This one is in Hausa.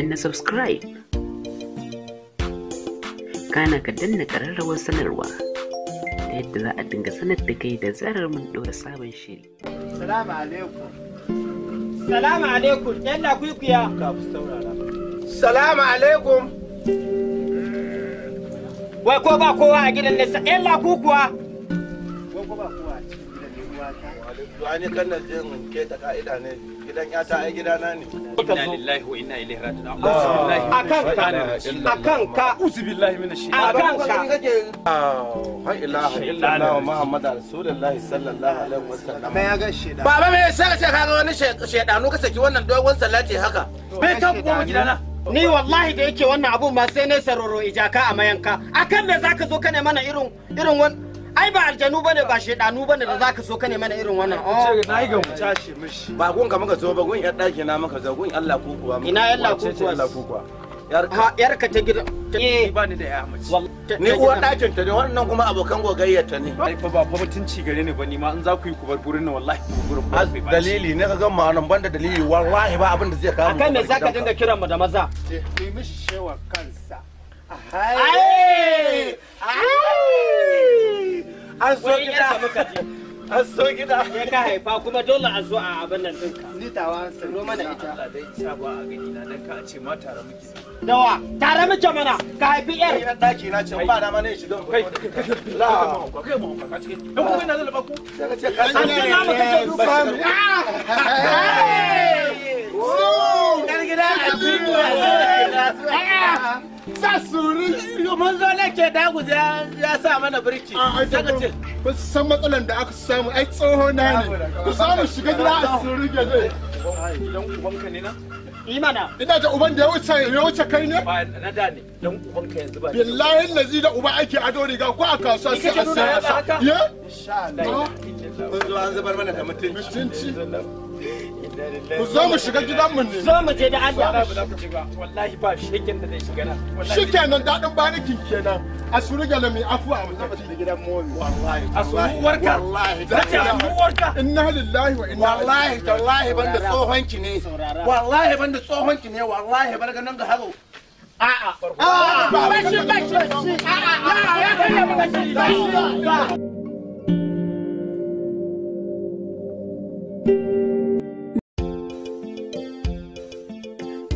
danna subscribe kana ka danna ƙararrawar sanarwa ta yadda za a dinga sanar da kai da zarar mun ɗora sabon shiri. Salamu alaikum. Salamu alaikum Yalla da kwikwiya. Ka fi saurara. Salamu alaikum. Wai ko ba kowa a gidan nesa ɗan da kukuwa. duwani kan na jin ka'ida ne gidan ai gidana ne inna lillahi wa inna ilaihi raji'un ah. akan ka akan ka akan ah, ka kake ilaha illallah muhammad rasulullahi sallallahu alaihi me ya ga baba me sai ce ka ga wani shedanu ka saki wannan dogon salati haka bai goma gidana ni wallahi da yake wannan abun ma sai ne saroro ijaka a mayanka akan da zaka zo ka ne mana irin irin ai ba aljanu bane ba shedanu bane da zaka so ka nema mana irin wannan oh na yi ga mu tashi mishi ba gun ka muka zo ba gun ya daki na maka zo gun Allah ku kuwa ina Allah ku kuwa Allah ku kuwa yarka yarka ta gida ni ba ni da ya mace ni uwa dakin ta ne wannan kuma abokan gogayya ta ne ai fa ba fa mutunci gare ni ba ni ma in za ku yi kubar burin nan wallahi ba dalili ne ka ga ma nan banda dalili wallahi ba abin da zai kawo akai me zaka dinga kiran mu da maza ni eh, eh, mishi shewa kansa ai ai an so gida an so gida ya ka haifa kuma dole a zo a abin nan ɗinka ni tawa salo mana ita Allah dai isa ba a gani na dan ka ce ma tare muke dawa tare muke mana ka haifi yar ina daki na ce ba da ma ne shi don kai la kai mu ka dan kuma ina zalaba ku sai ka ce ne sa suri mun zo dagu ya sa mana birki ba su san matsalan da aka samu ai tsoho na ne ku samu shiga gida a suri ga zai dan ubanka ne na imana ina da uban da ya wuce ya wuce kai ne ba na da ne ubanka yanzu ba billahi da uba ake ado riga ko a kasuwa sai a saya ya insha Allah mun zo an zubar mana da mutunci ku zo mu shiga gidanmu ne zo mu je da Allah wallahi ba shekin da zai shiga nan shikenan dadin barikin kenan a suru galami afuwa a mutafi da gidan momi wallahi a suru warka wallahi da suru warka inna lillahi wa inna wallahi wallahi banda tsohon ki ne wallahi banda tsohon ki ne wallahi barka nan ga hazo a'a a'a bashi bashi a'a ya kai ya bashi